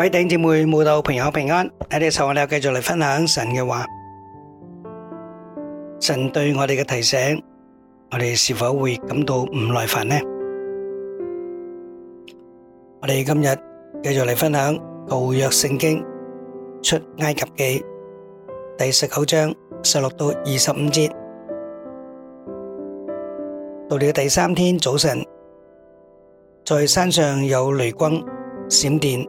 各位弟兄姊妹、慕道朋友平安，喺呢個時候我哋又繼續嚟分享神嘅話，神對我哋嘅提醒，我哋是否會感到唔耐煩呢？我哋今日繼續嚟分享舊約聖經出埃及記第十九章十六到二十五節。到了第三天早晨，在山上有雷光、閃電。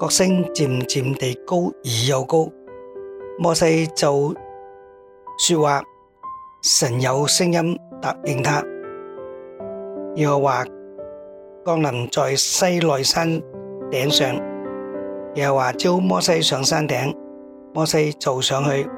角聲漸漸地高而又高，摩西就說話，神有聲音答應他，又話降臨在西奈山頂上，又話招摩西上山頂，摩西就上去，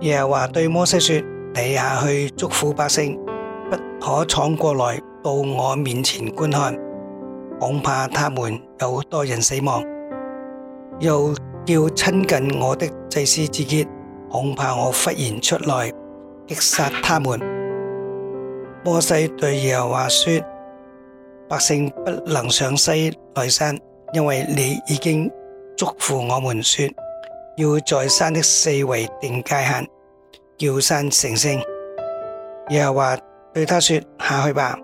又話對摩西說：你下去祝福百姓，不可闖過來到我面前觀看。恐怕他們有多人死亡，又叫親近我的祭司自潔，恐怕我忽然出來擊殺他們。摩西對耶和華說：百姓不能上西奈山，因為你已經囑咐我們說，要在山的四圍定界限，叫山成聖。耶和華對他說：下去吧。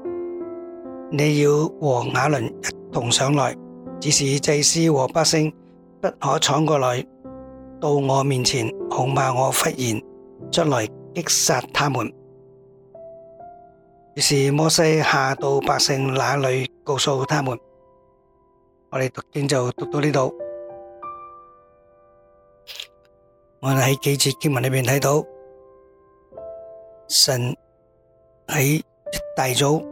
你要和亞倫一同上來，只是祭司和百姓不可闖過來到我面前，恐怕我忽然出來擊殺他們。於是摩西下到百姓那裏，告訴他們：我哋讀經就讀到呢度。我哋喺幾節經文裏面睇到，神喺一大早。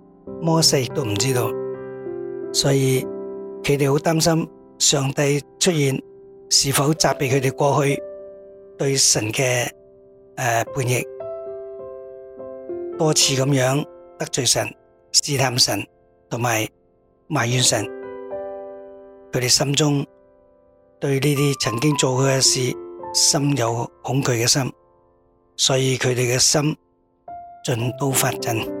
摩西亦都唔知道，所以佢哋好擔心上帝出現是否責備佢哋過去對神嘅呃叛逆，多次咁樣得罪神、試探神同埋埋怨神，佢哋心中對呢啲曾經做過嘅事心有恐懼嘅心，所以佢哋嘅心盡都發震。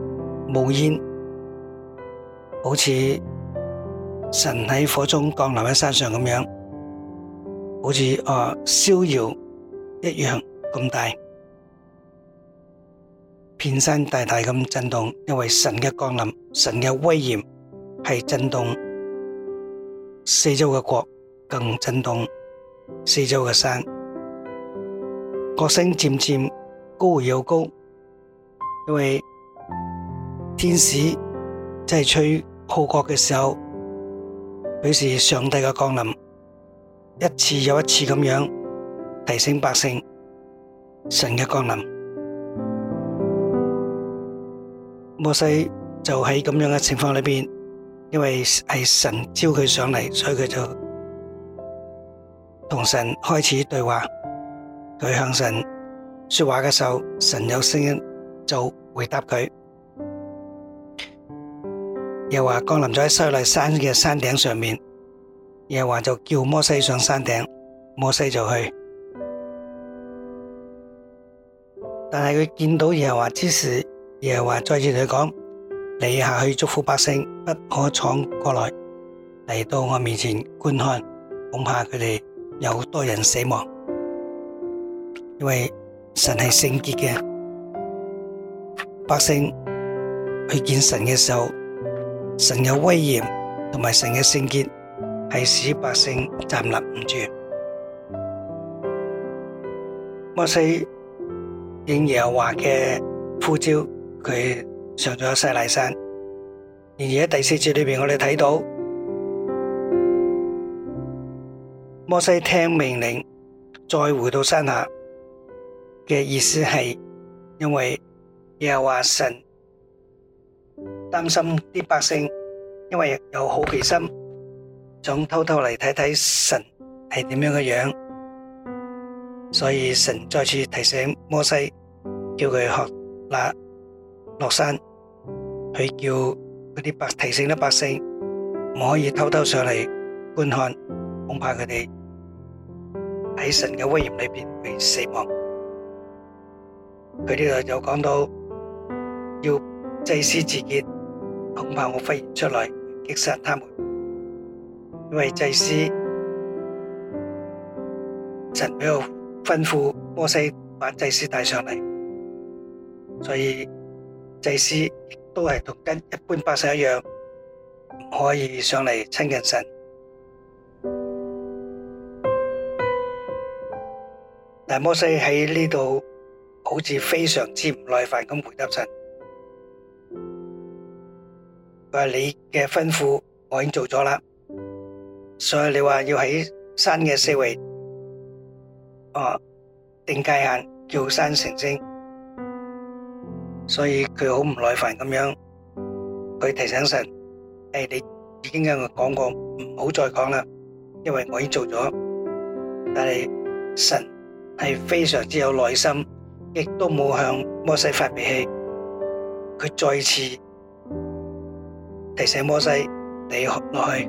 冒煙，好似神喺火中降臨喺山上咁樣，好似啊逍遙一樣咁大，遍山大大咁震動。因為神一降臨，神嘅威嚴係震動四周嘅國，更震動四周嘅山。角聲漸漸高又高，因為。天使即係吹號角嘅時候，表示上帝嘅降臨，一次又一次咁樣提醒百姓神嘅降臨。摩西就喺咁樣嘅情況裏面，因為係神召佢上嚟，所以佢就同神開始對話。佢向神說話嘅時候，神有聲音就回答佢。耶華降臨咗喺西奈山嘅山頂上面，耶華就叫摩西上山頂，摩西就去。但係佢見到耶華之時，耶華再次同佢講：你下去囑咐百姓，不可闖過來嚟到我面前觀看，恐怕佢哋有很多人死亡，因為神係聖潔嘅，百姓去見神嘅時候。神有威嚴同埋神嘅聖潔，係使百姓站立唔住。摩西應耶和華嘅呼召，佢上咗西奈山。然而喺第四節裏面，我們看，我哋睇到摩西聽命令，再回到山下嘅意思係因為耶和華神，擔心啲百姓，因為有好奇心，想偷偷嚟睇睇神係點樣嘅樣，所以神再次提醒摩西，叫佢學拿落山，去叫嗰啲百提醒啲百姓唔可以偷偷上嚟觀看，恐怕佢哋喺神嘅威嚴裏邊被死亡。佢呢度有講到要祭司自潔。恐怕我發現出來擊殺他們，因為祭司神俾我吩咐摩西把祭司帶上嚟，所以祭司都係同跟一般百姓一樣唔可以上嚟親近神。但摩西喺呢度好似非常之唔耐煩咁回答神。佢話你嘅吩咐我已經做咗啦，所以你話要喺山嘅四圍哦定界限叫山成聖，所以佢好唔耐煩咁樣，佢提醒神：，誒，你已經跟我講過，唔好再講啦，因為我已經做咗。但係神係非常之有耐心，亦都冇向摩西發脾氣，佢再次。提醒摩西，你要學落去，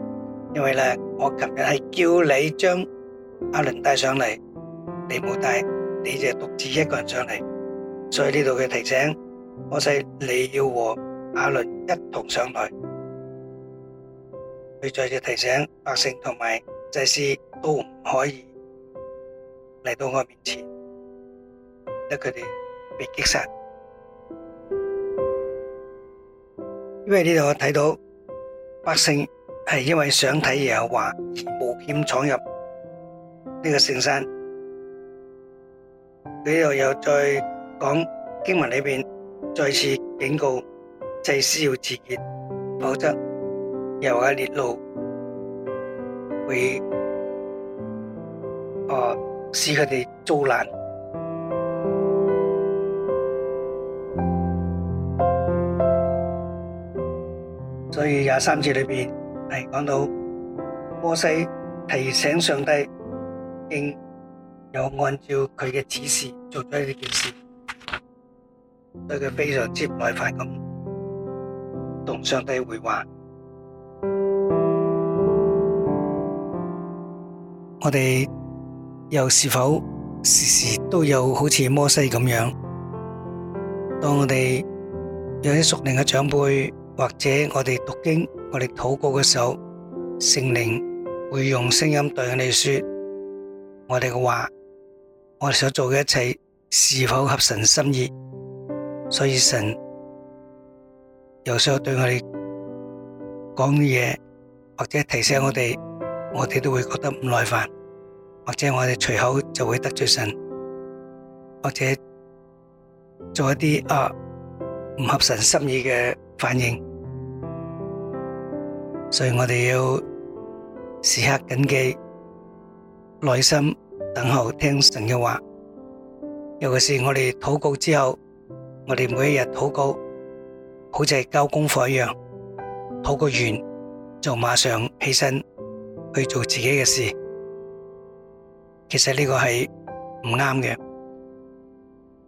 因為咧我琴日係叫你將阿倫帶上嚟，你冇帶，你就係獨自一個人上嚟，所以呢度嘅提醒，摩西你要和阿倫一同上來。佢再次提醒百姓同埋祭司都唔可以嚟到我面前，令佢哋被擊殺。因為呢度，我睇到百姓係因為想睇耶和華而冒險闖入呢個聖山。呢度又再講經文裏邊再次警告祭司要自潔，否則耶和華烈怒會誒使佢哋遭難。所以廿三節裏邊係講到摩西提醒上帝，應有按照佢嘅指示做咗呢件事，對佢非常之唔耐煩，咁同上帝回話。我哋又是否時時都有好似摩西咁樣，當我哋有啲熟齡嘅長輩？或者我哋讀經，我哋禱告嘅時候，聖靈會用聲音對我哋說我哋嘅話，我哋所做嘅一切是否合神心意？所以神有時候對我哋講嘢，或者提醒我哋，我哋都會覺得唔耐煩，或者我哋隨口就會得罪神，或者做一啲啊唔合神心意嘅反應。所以我哋要時刻謹記，耐心等候聽神嘅話。尤其是我哋禱告之後，我哋每一日禱告好似係交功課一樣，禱告完就馬上起身去做自己嘅事。其實呢個係唔啱嘅。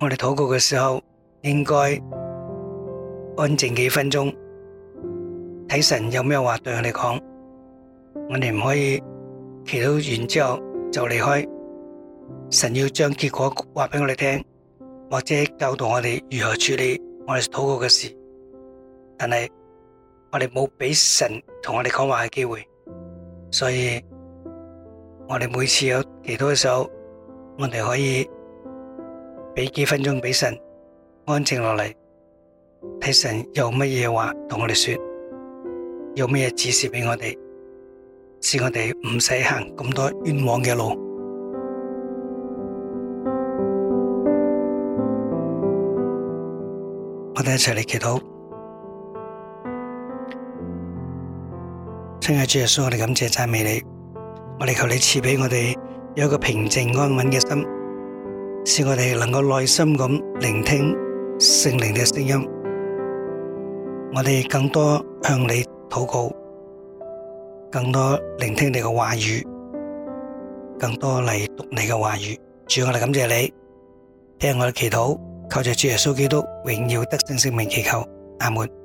我哋禱告嘅時候應該安靜幾分鐘。睇神有咩話對我哋講，我哋唔可以祈禱完之後就離開。神要將結果話俾我哋聽，或者教導我哋如何處理我哋禱告嘅事。但係我哋冇俾神同我哋講話嘅機會，所以我哋每次有祈禱嘅時候，我哋可以俾幾分鐘俾神安靜落嚟，睇神有乜嘢話同我哋說。有咩指示俾我哋，使我哋唔使行咁多冤枉嘅路？我哋一齊嚟祈禱。親愛嘅主耶穌，我哋感謝讚美你。我哋求你賜俾我哋有一個平靜安穩嘅心，使我哋能夠耐心咁聆聽聖靈嘅聲音。我哋更多向你禱告，更多聆聽你嘅話語，更多嚟讀你嘅話語。主，我哋感謝你，聽我嘅祈禱，求着主耶穌基督榮耀得勝聖名祈求，阿門。